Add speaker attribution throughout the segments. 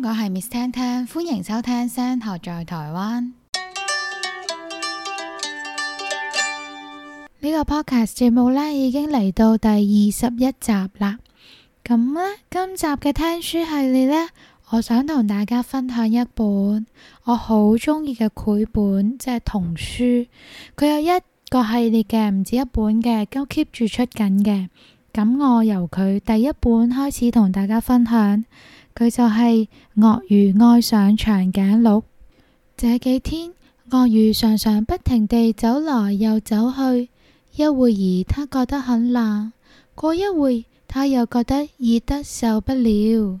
Speaker 1: 我係 Miss Tan Tan，歡迎收聽《聲學在台灣》。呢個 Podcast 節目呢已經嚟到第二十一集啦。咁呢，今集嘅聽書系列呢，我想同大家分享一本我好中意嘅繪本，即係童書。佢有一個系列嘅，唔止一本嘅，都 keep 住出緊嘅。咁我由佢第一本開始同大家分享。佢就係鱷魚愛上長頸鹿。這幾天，鱷魚常常不停地走來又走去。一會兒，他覺得很冷；過一會，他又覺得熱得受不了；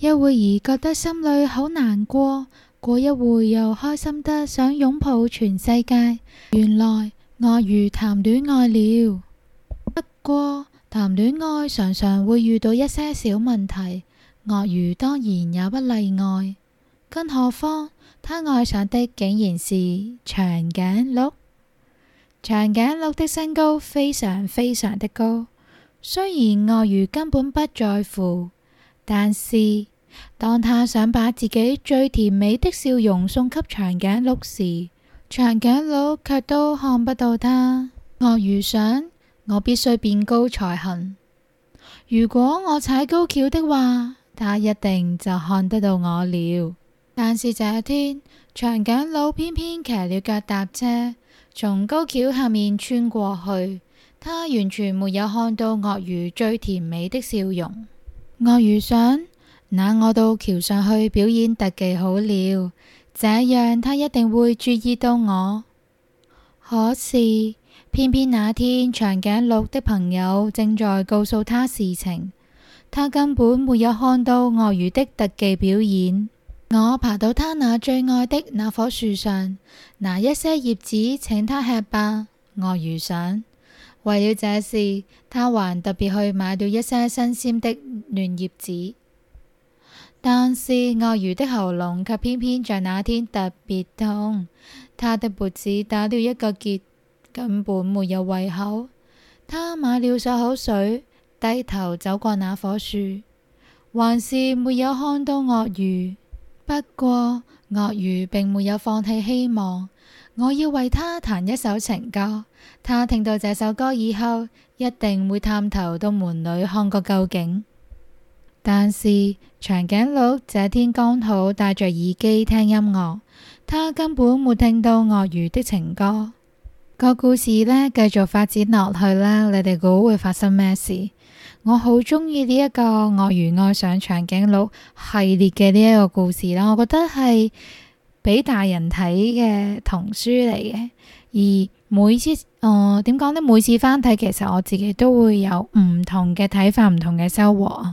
Speaker 1: 一會兒覺得心裏好難過；過一會又開心得想擁抱全世界。原來鱷魚談戀愛了，不過談戀愛常常會遇到一些小問題。鱷魚當然也不例外，更何況他愛上的竟然是長頸鹿。長頸鹿的身高非常非常的高，雖然鱷魚根本不在乎，但是當他想把自己最甜美的笑容送給長頸鹿時，長頸鹿卻都看不到他。鱷魚想，我必須變高才行。如果我踩高蹺的話。他一定就看得到我了，但是這天長頸鹿偏偏騎了腳踏車從高橋下面穿過去，他完全沒有看到鱷魚最甜美的笑容。鱷魚想：那我到橋上去表演特技好了，這樣他一定會注意到我。可是偏偏那天長頸鹿的朋友正在告訴他事情。他根本沒有看到鱷魚的特技表演。我爬到他那最愛的那棵樹上，拿一些葉子請他吃吧。鱷魚想，為了這事，他還特別去買了一些新鮮的嫩葉子。但是鱷魚的喉嚨卻偏偏在那天特別痛，他的脖子打了一個結，根本沒有胃口。他買了漱口水。低頭走過那棵樹，還是沒有看到鱷魚。不過，鱷魚並沒有放棄希望。我要為它彈一首情歌，它聽到這首歌以後，一定會探頭到門裡看個究竟。但是，長頸鹿這天剛好戴着耳機聽音樂，它根本沒聽到鱷魚的情歌。個故事呢，繼續發展落去啦，你哋估會發生咩事？我好中意呢一個鱷魚愛上長頸鹿系列嘅呢一個故事啦，我覺得係俾大人睇嘅童書嚟嘅。而每次，誒、呃，點講呢？每次翻睇，其實我自己都會有唔同嘅睇法，唔同嘅收穫。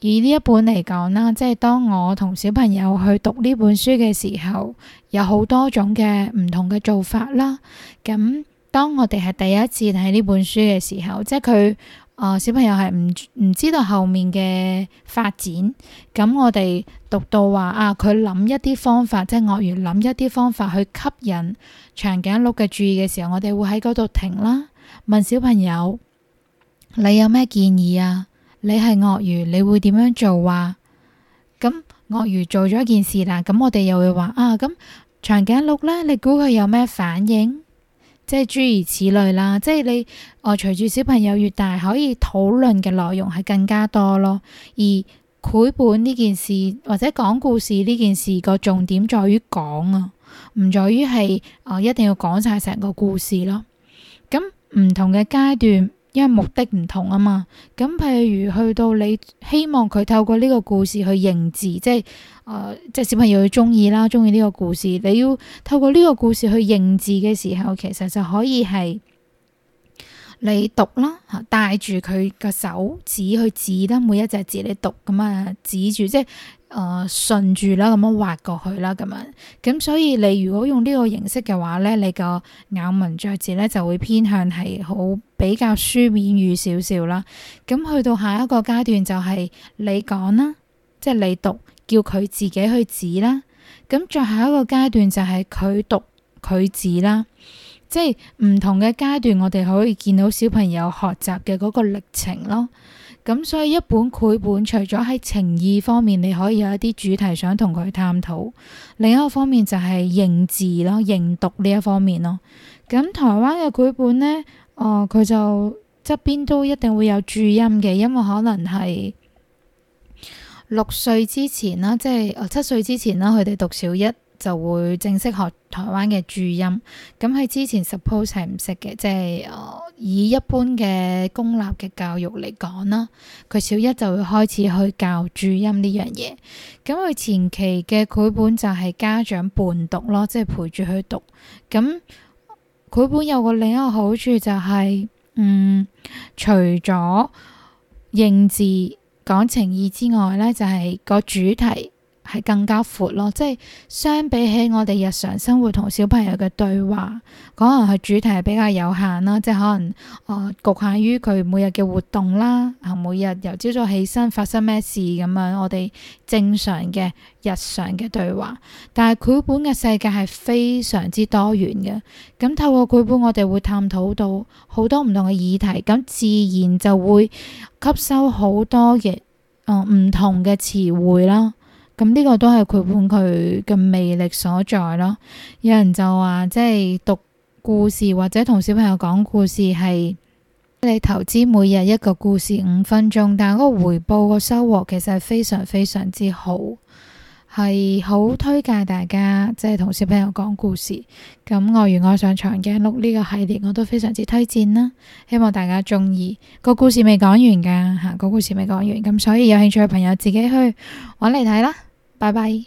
Speaker 1: 以呢一本嚟講啦，即係當我同小朋友去讀呢本書嘅時候，有好多種嘅唔同嘅做法啦。咁。當我哋係第一次睇呢本書嘅時候，即係佢，誒、呃，小朋友係唔唔知道後面嘅發展。咁我哋讀到話啊，佢諗一啲方法，即係鱷魚諗一啲方法去吸引長頸鹿嘅注意嘅時候，我哋會喺嗰度停啦，問小朋友，你有咩建議啊？你係鱷魚，你會點樣做啊？話咁鱷魚做咗一件事啦，咁我哋又會話啊，咁長頸鹿呢，你估佢有咩反應？即係諸如此類啦，即係你，我、呃、隨住小朋友越大，可以討論嘅內容係更加多咯。而繪本呢件事或者講故事呢件事個重點在於講啊，唔在於係，我、呃、一定要講晒成個故事咯。咁唔同嘅階段。因為目的唔同啊嘛，咁譬如去到你希望佢透過呢個故事去認字，即係誒、呃，即係小朋友佢中意啦，中意呢個故事，你要透過呢個故事去認字嘅時候，其實就可以係你讀啦，帶住佢個手指去指啦，每一隻字你讀，咁啊指住即係。誒、呃、順住啦，咁樣滑過去啦，咁樣，咁所以你如果用呢個形式嘅話呢，你個咬文嚼字呢就會偏向係好比較書面語少少啦。咁去到下一個階段就係你講啦，即、就、係、是、你讀叫佢自己去指啦。咁再下一個階段就係佢讀佢指啦。即係唔同嘅階段，我哋可以見到小朋友學習嘅嗰個歷程咯。咁所以一本繪本，除咗喺情意方面，你可以有一啲主題想同佢探討；另一個方面就係認字咯、認讀呢一方面咯。咁台灣嘅繪本呢，哦、呃、佢就側邊都一定會有注音嘅，因為可能係六歲之前啦，即係哦七歲之前啦，佢哋讀小一。就會正式學台灣嘅注音，咁喺之前 suppose 係唔識嘅，即係，以一般嘅公立嘅教育嚟講啦，佢小一就會開始去教注音呢樣嘢，咁佢前期嘅繪本就係家長伴讀咯，即係陪住佢讀，咁繪本有個另一個好處就係，嗯，除咗認字講情意之外呢就係個主題。係更加闊咯，即係相比起我哋日常生活同小朋友嘅對話，可能佢主題比較有限啦，即係可能啊，侷限於佢每日嘅活動啦，啊，每日由朝早起身發生咩事咁樣，我哋正常嘅日常嘅對話。但係繪本嘅世界係非常之多元嘅，咁透過繪本，我哋會探討到好多唔同嘅議題，咁自然就會吸收好多嘅啊唔同嘅詞彙啦。咁呢個都係陪伴佢嘅魅力所在咯。有人就話，即係讀故事或者同小朋友講故事係你投資每日一個故事五分鐘，但係嗰個回報個收穫其實係非常非常之好，係好推介大家即係同小朋友講故事。咁《鱷魚愛上長頸鹿》呢個系列我都非常之推薦啦，希望大家中意。個故事未講完噶吓，個故事未講完，咁所以有興趣嘅朋友自己去搵嚟睇啦。拜拜。